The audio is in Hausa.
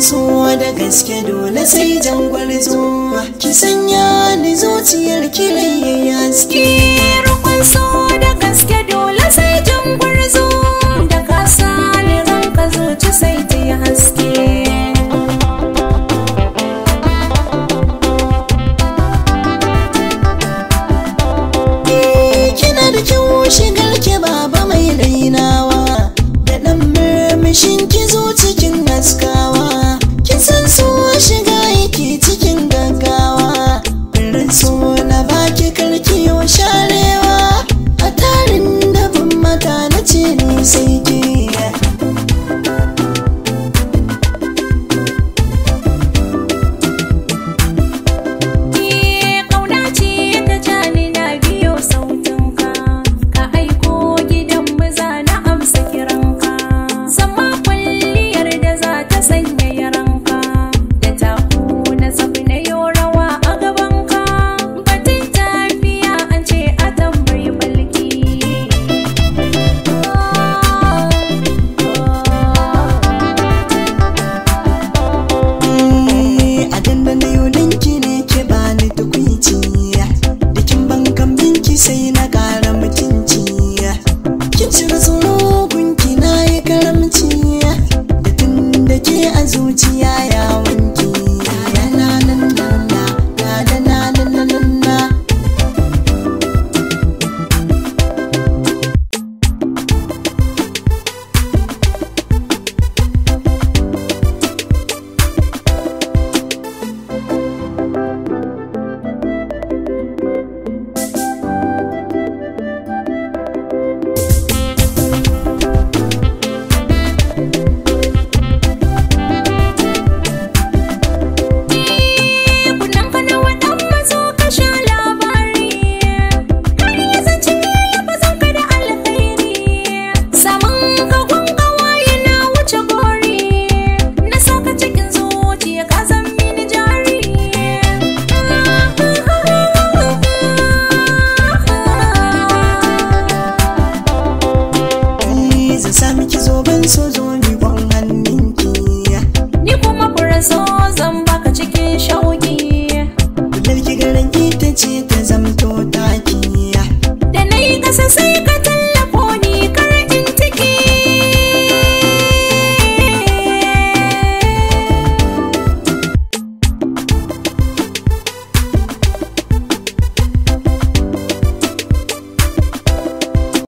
so da gaske dole sai jangwar zuwa ki sanya ni zuciyar ki laye ski rukun so da gaske dole sai jangwar zuwa da ka sani ranka zuci sai ta yi haske eh, kina da kyau shigar ki baba mai rainawa da dan murmushin ki zo cikin haskawa ki ne ki bani tukwici da kin ban kambin sai na kara mutunci kin cire tsoro gunki na yi karamci da tun da ke a zuciya yawa sa miki zoben so zo riƙon hannunki ni kuma furen so zan baka cikin shauki Dalki garin ita ce ta zamto taki da na yi kasa sai ka